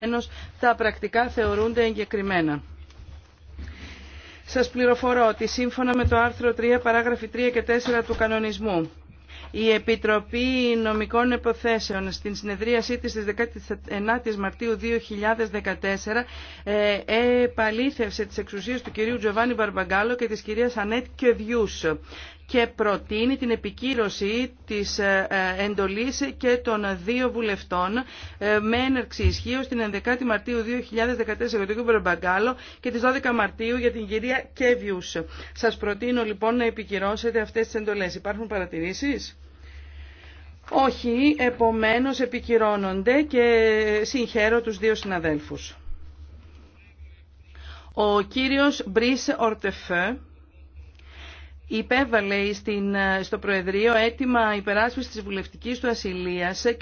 Επομένως, τα πρακτικά θεωρούνται εγκεκριμένα. Σας πληροφορώ ότι σύμφωνα με το άρθρο 3, παράγραφη 3 και 4 του κανονισμού, η Επιτροπή Νομικών Υποθέσεων στην συνεδρίασή της της 19 Μαρτίου 2014 ε, επαλήθευσε τις εξουσίες του κυρίου Τζοβάνι Μπαρμπαγκάλο και της κυρίας Ανέτ Κεβιούς και προτείνει την επικύρωση της ε, ε, εντολής και των δύο βουλευτών ε, με έναρξη ισχύω την 11η Μαρτίου 2014 για τον κύριο Μπαγκάλο και τις 12 Μαρτίου για την κυρία Κέβιους. Σας προτείνω λοιπόν να επικυρώσετε αυτές τις εντολές. Υπάρχουν παρατηρήσεις? Όχι, επομένως επικυρώνονται και συγχαίρω τους δύο συναδέλφους. Ο κύριος Μπρίσε Ορτεφέ υπέβαλε στο Προεδρείο αίτημα υπεράσπισης της βουλευτικής του ασυλίας